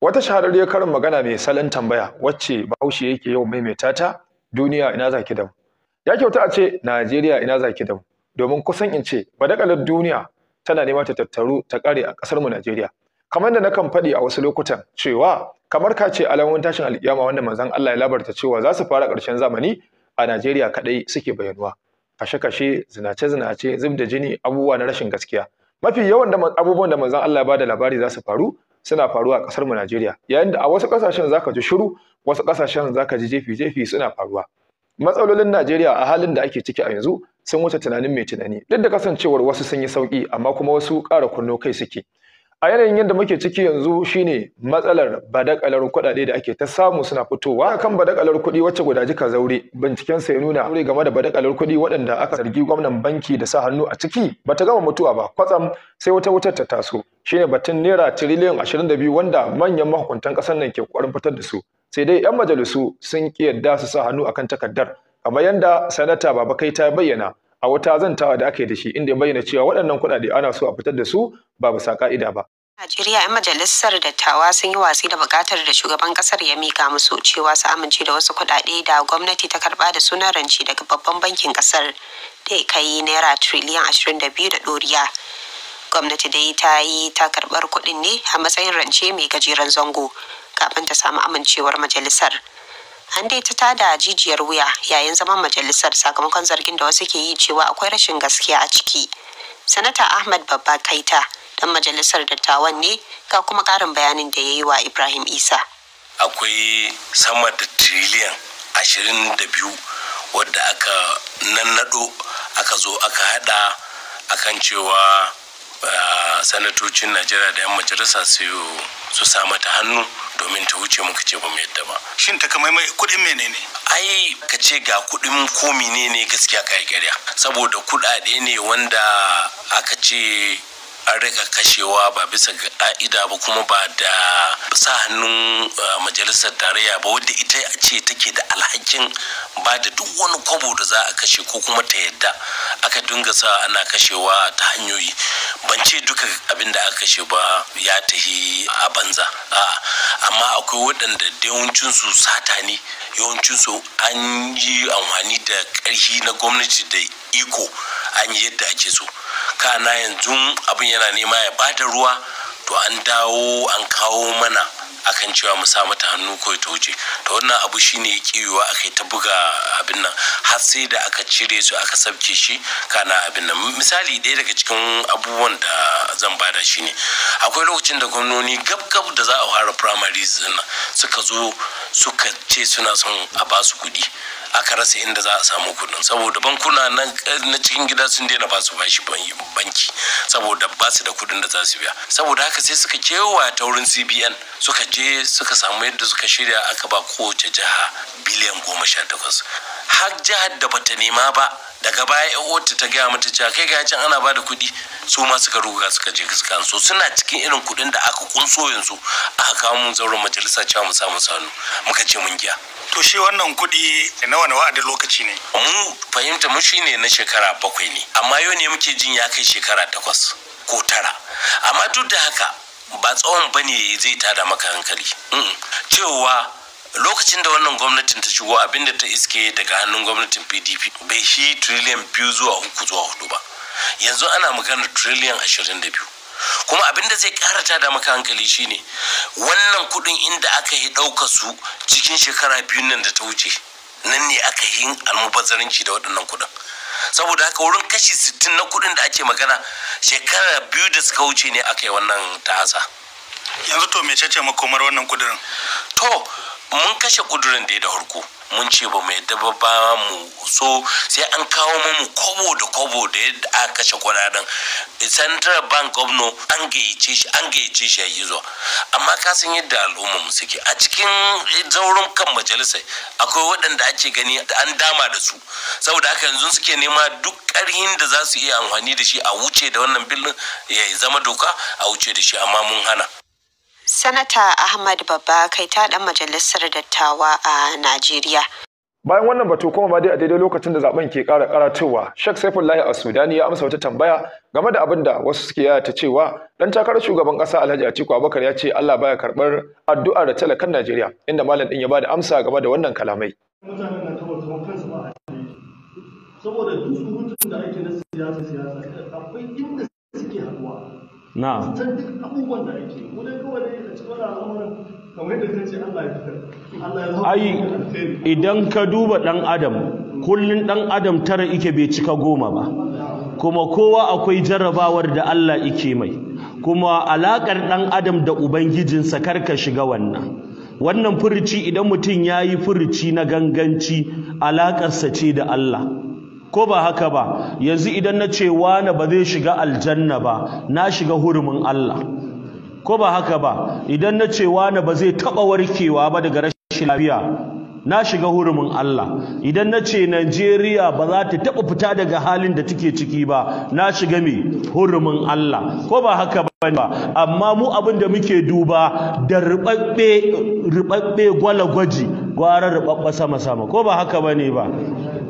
wata shahararriyar karin magana mai salon tambaya wacce bahaushe yake yau maimaita ta duniya ina za ki dau? ya kyauta a ce najeriya ina za ki damu domin kusan in ce badakalar duniya tana nema ta tattaru ta kare a kasar mu najeriya kamar da nakan faɗi a wasu lokutan cewa kamar ka ce alamomin tashin alƙiyama wanda manzon Allah ya labarta cewa za su fara ƙarshen zamani a najeriya kaɗai suke bayanuwa kashe-kashe zinace-zinace zub da jini abubuwa na rashin gaskiya mafi yawan abubuwan da manzon Allah ya bada labari za su faru suna faruwa a ƙasar mu Najeriya yayin da a wasu ƙasashen zaka ji shiru wasu ƙasashen zaka ji jefi jefi suna faruwa matsalolin Najeriya a halin da ake ciki a yanzu sun wuce tunanin mai tunani duk da kasancewar wasu sun yi sauki amma kuma wasu ƙara kunno kai suke a yanayin yadda muke ciki yanzu shine matsalar badakalar kuɗaɗe da ake ta samu suna fitowa kan badakalar kuɗi wacce gudaji ka zaure binciken sa ya nuna aure game da badakalar kuɗi waɗanda aka zargi gwamnan banki da sa hannu a ciki bata gama mutuwa ba kwatsam sai wata wutar ta taso shine batun naira tiriliyan biyu, wanda manyan mahukuntan ƙasar nan ke ƙoƙarin fitar da su sai dai yan majalisu sun ki yadda su sa hannu akan takardar kamar yadda sanata baba kai ta bayyana a wata zantawa da aka da shi inda ya bayyana cewa waɗannan kuɗaɗe ana so a fitar da su ba bisa ka'ida ba Najeriya 'yan majalisar dattawa sun yi watsi da bukatar da shugaban ƙasar ya mika musu cewa su amince da wasu kuɗaɗe da gwamnati ta karɓa da sunan ranci daga babban bankin ƙasar, da ya kai naira triliyan 22 da ɗoriya. Gwamnati dai ta yi ta karɓar kuɗin ne a matsayin rance mai gajeren zango kafin ta samu amincewar majalisar. An dai ta tada jijiyar wuya yayin zaman majalisar sakamakon zargin da wasu ke yi cewa akwai rashin gaskiya a ciki. Sanata Ahmad Babba Kaita dan majalisar dattawan ne ga kuma karin bayanin da ya yi wa ibrahim isa akwai sama da triliyan ashirin da biyu wadda aka nannado aka zo aka hada akan cewa sanatocin najeriya da yan majalisa su samu ta hannu domin ta wuce muka ce ba mu yadda ba shin ta kamar mai kudin menene ai ka ce ga kudin ko menene gaskiya kai ƙarya saboda kudade ne wanda aka ce an rika kashewa ba bisa ga ka'ida ba kuma ba da sa hannun eh, majalisar tarayya ba wanda ita ce take da alhakin ba da duk wani kwabo da za a kashe ko kuma ta yadda aka dinga sa ana kashewa ta hanyoyi ban ce duka abin da aka kashe ba ya tahi a banza amma akwai waɗanda yawancinsu sata ne yawancinsu an yi amfani da ƙarfi na gwamnati da iko an yi yadda ake so kana yanzu abin yana nema ya bada ruwa to an dawo an kawo mana akan cewa mu sa mata hannu ko ta wuce to wannan abu shine yake yiwuwa aka yi ta buga abin nan har sai da aka cire su aka sabke shi kana abin nan misali ɗaya daga cikin abubuwan da zan bada shine akwai lokacin da gwamnoni gab da za a fara primaries suka zo suka ce suna son a ba su kuɗi aka rasa inda za a samu kuɗin saboda bankuna eh, na cikin gida sun daina ba su bashi banki saboda ba su da kuɗin da za su biya saboda haka sai suka kewa ta wurin cbn suka je suka samu yadda suka shirya aka ba kowace jiha biliyan goma sha takwas har jihar da bata nema ba daga baya yan uwarta ta gaya mata cewa kai ga can ana ba da kuɗi su ma suka ruga suka je suka so suna cikin irin kuɗin da aka kunso yanzu aka kawo mun zauro majalisa cewa mu samu sanu muka ce mun giya to shi wannan kuɗi na wani wa'adin lokaci ne mu fahimta mu shine na shekara bakwai ne amma yau ne muke jin ya kai shekara takwas ko tara amma duk da haka ba tsawon bane zai tada maka hankali cewa lokacin da wannan gwamnatin ta shigo abinda ta iske daga hannun gwamnatin pdp bai shi trillion biyu zuwa uku zuwa hudu ba yanzu ana magana trillion ashirin da biyu kuma abin da zai karata da maka hankali shine wannan kudin inda aka yi ɗauka su cikin shekara biyun nan da ta wuce nan ne aka yi almubazzaranci da waɗannan kudin saboda haka wurin kashi sittin na kudin da ake magana shekara biyu da suka wuce ne aka yi wannan ta'asa yanzu to mecece makomar wannan kudirin to mun kashe kuduran da ya da harko mun ce ba mu yadda ba mu so sai an kawo mu kobo da kobo da yadda aka kashe kudaden central bank no an gayyace shi an gayyace shi yayi zuwa amma ka yadda al'umma mu suke a cikin zaurin kan majalisa akwai waɗanda ake gani da an dama da su saboda haka yanzu suke nema duk ƙarhin da za su iya amfani da shi a wuce da wannan bilin ya zama doka a wuce da shi amma mun hana sanata ahmad babba kai ta dan majalisar dattawa a najeriya bayan wannan batu kuma ba dai a daidai lokacin da zaben ke kara karatowa Sheikh saifullahi a sudani ya amsa wata tambaya game da abin da wasu suke yaya ta cewa dan takarar shugaban ƙasa alhaji atiku abubakar ya ce allah baya karɓar addu'ar da talakan najeriya inda malam din ya bada amsa game da wannan kalamai saboda duk surutun da ake na siyasa siyasa akwai inda suke haɗuwa na ai idan ka duba dan adam kullun dan adam tara ike bai cika goma ba kuma kowa akwai jarrabawar da Allah ike mai kuma alakar dan adam da ubangijinsa karka shiga wannan wannan furuci idan mutum yayi furuci na ganganci alakarsa ce da Allah ko ba haka ba yanzu idan na ce wani ba zai shiga aljanna ba na shiga hurumin Allah ko ba haka ba idan na ce wani ba zai taɓa warkewa ba daga rashin lafiya na shiga hurumin Allah idan na ce Najeriya ba za ta taɓa fita daga halin da take ciki ba na shiga mai hurumin Allah ko ba haka ba amma mu abin da muke duba da riɓaɓɓe gwala gwaji gwara rubabba sama sama ko ba haka ba ne ba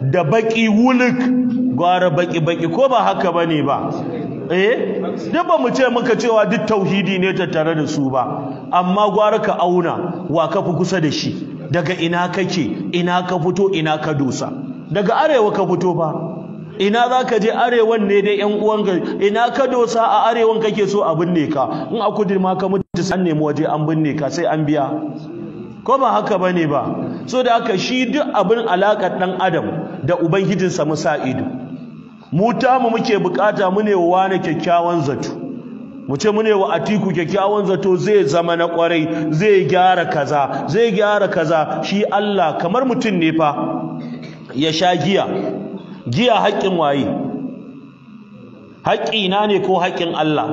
da baki wuluk gwara baki baki ko ba haka bane ba eh duk ba mu ce muka cewa duk tauhidi ne tattare da su ba amma gwara ka auna wa ka fi kusa da shi daga ina kake ina ka fito ina ka dosa daga arewa ka fito ba ina za ka je arewan ne dai yan ka? ina ka dosa a arewan kake so a binne ka in a kudu ma ka mutu an nemi waje an binne ka sai an biya ko ba haka bane ba so da aka shi duk abin alaƙar ɗan adam da ubangijinsa musa ido mu muke bukata mu wa na kyakkyawan zato mu ce mu wa atiku kyakkyawan zato zai zama na kwarai zai gyara kaza zai gyara kaza shi Allah kamar mutum ne fa ya sha giya giya haƙƙin waye Haƙƙi na ne ko haƙƙin Allah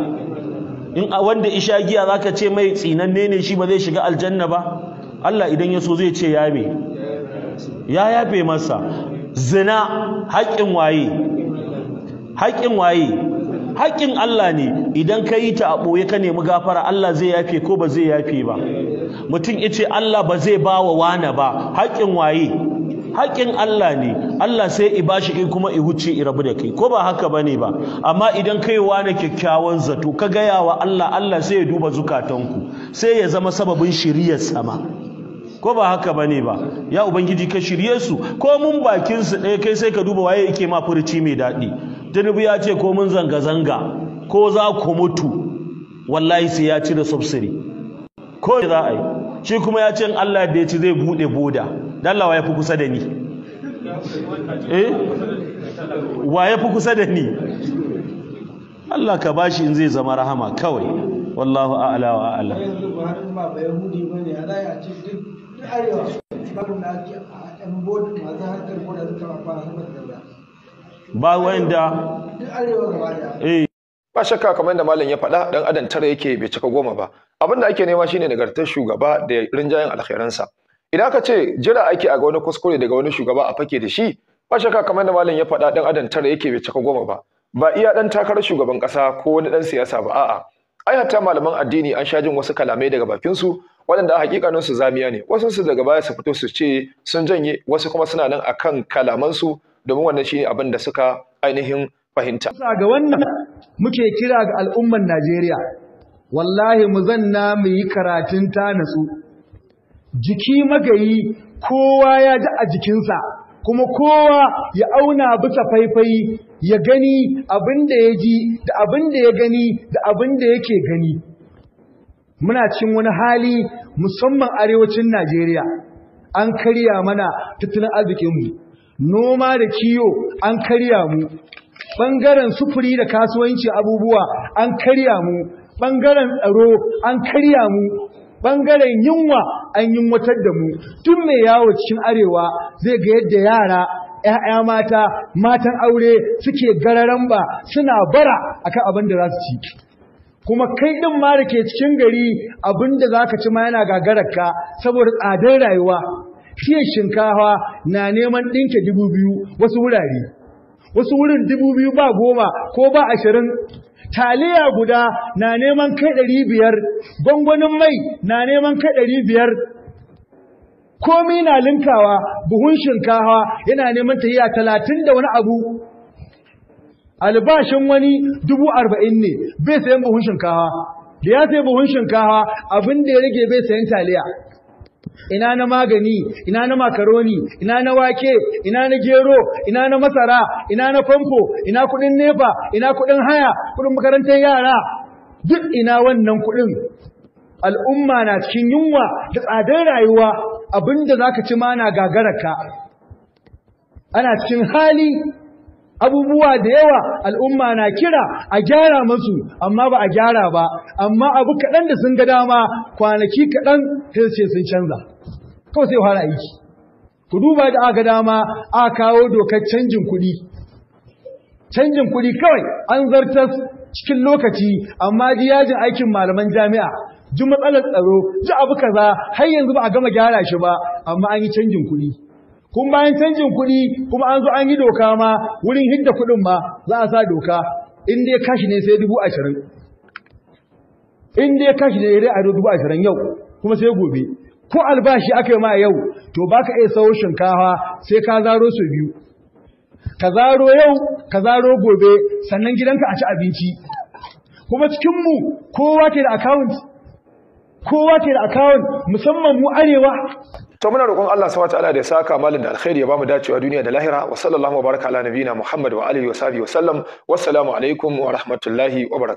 in wanda isha giya zaka ce mai tsinanne ne shi ba zai shiga aljanna ba Allah idan ya so zai ce ya me ya yafe masa zina haƙin waye haƙin waye haƙin Allah ne idan ka yi ta a ɓoye ka nemi gafara Allah zai yafe ko ba zai yafe ba mutum ya ce Allah ba zai ba wa wane ba haƙin waye haƙin Allah ne Allah sai i bashi kai kuma i huce i rabu da kai ko ba haka bane ba amma idan kai wana kyakkyawan zato ka gaya wa Allah Allah sai ya duba zukatanku sai ya zama sababin shiriyar sama ko ba haka ba ne ba ya ubangiji ka shirye su ko mun bakinsu ɗaya kai sai ka duba waye yake ma furci mai daɗi tinubu ya ce ko mun zanga-zanga ko za ku mutu wallahi sai ya ci da subsiri ko za a yi shi kuma ya ce in Allah da ya ci zai buɗe boda dan Allah waye fi kusa da ni eh waye fi kusa da ni Allah ka bashi in zai zama rahama kawai wallahu a'la wa a'la a ɗan ba eh. ba shakka kamar da malam ya faɗa dan adam tara yake bai cika goma ba abin da ake nema shine nagartar shugaba da rinjayen alkhairansa idan aka ce jira ake a ga wani kuskure daga wani shugaba a fake da shi ba shakka kamar da malam ya faɗa dan adam tara yake bai cika goma ba ba iya dan takarar shugaban ƙasa ko wani dan siyasa ba a'a ai hatta malaman addini an sha jin wasu kalamai daga bakin su waɗanda a hakikanin su zamiya ne wasu su daga baya su fito su ce sun janye wasu kuma suna nan akan kalamansu domin wannan shine abin da suka ainihin fahimta ga wannan muke kira ga al'ummar Najeriya wallahi mu zanna mu yi karatun ta natsu jiki magayi kowa ya ji a jikinsa kuma kowa ya auna bisa faifai ya gani abin da ya ji da abin da ya gani da abin da yake gani muna cikin wani hali musamman arewacin Najeriya an karya mana tattalin arzikinmu noma da kiyo an karya mu ɓangaren sufuri da kasuwanci abubuwa an karya mu ɓangaren tsaro an karya mu ɓangaren yunwa an yunwatar da mu tun mai yawo cikin arewa zai ga yadda yara ‘ya'ya mata matan aure suke gararan ba suna bara akan abin da za su ci kuma kai ɗin ma da ke cikin gari abin da za ka ci ma yana gagarar ka saboda tsadar rayuwa fiye shinkafa na neman ɗinke dubu biyu wasu wurare wasu wurin dubu biyu ba goma ko ba ashirin taliya guda na neman kai ɗari biyar gwangwanin mai na neman kai ɗari biyar komi na linkawa buhun shinkafa yana neman tahiya talatin da wani abu albashin wani dubu arba'in ne bai sayan buhun shinkawa da ya sayi buhun shinkawa abinda ya rage bai sayan taliya ina na magani ina na makaroni ina na wake ina na gero ina na masara ina na famfo ina kudin nefa ina kudin haya kudin makarantar yara duk ina wannan kudin al'umma na cikin yunwa da tsadar rayuwa abinda zaka ci mana gagarar ka ana cikin hali abubuwa da yawa al'umma na kira a gyara masu amma ba a gyara ba amma abu kaɗan da sun ga dama kwanaki kaɗan sai sun canza kawai sai fara aiki ku duba da aka dama a kawo dokar canjin kuɗi canjin kuɗi kawai an zartas cikin lokaci amma ji yajin aikin malaman jami'a ji matsalar tsaro ji abu kaza har yanzu ba a gama gyara shi ba amma an yi canjin kuɗi kun bayan canjin kuɗi kuma an zo an yi doka ma wurin hidda kuɗin ma za a sa doka in dai kashi ne sai dubu ashirin in dai kashi ne dai a dubu ashirin yau kuma sai gobe ko albashi aka yi ma yau to ba ka iya sawo shinkafa sai ka zaro su biyu ka zaro yau ka zaro gobe sannan gidanka a ci abinci kuma cikinmu kowa ke da account kowa ke da musamman mu arewa to muna roƙon Allah subhanahu wataala da ya saka malin da alkhairi ya bamu dacewa duniya da lahira wa sallallahu baraka ala nabiyina Muhammad wa alihi wa sahbihi wa sallam wassalamu alaikum wa rahmatullahi wa barakatuh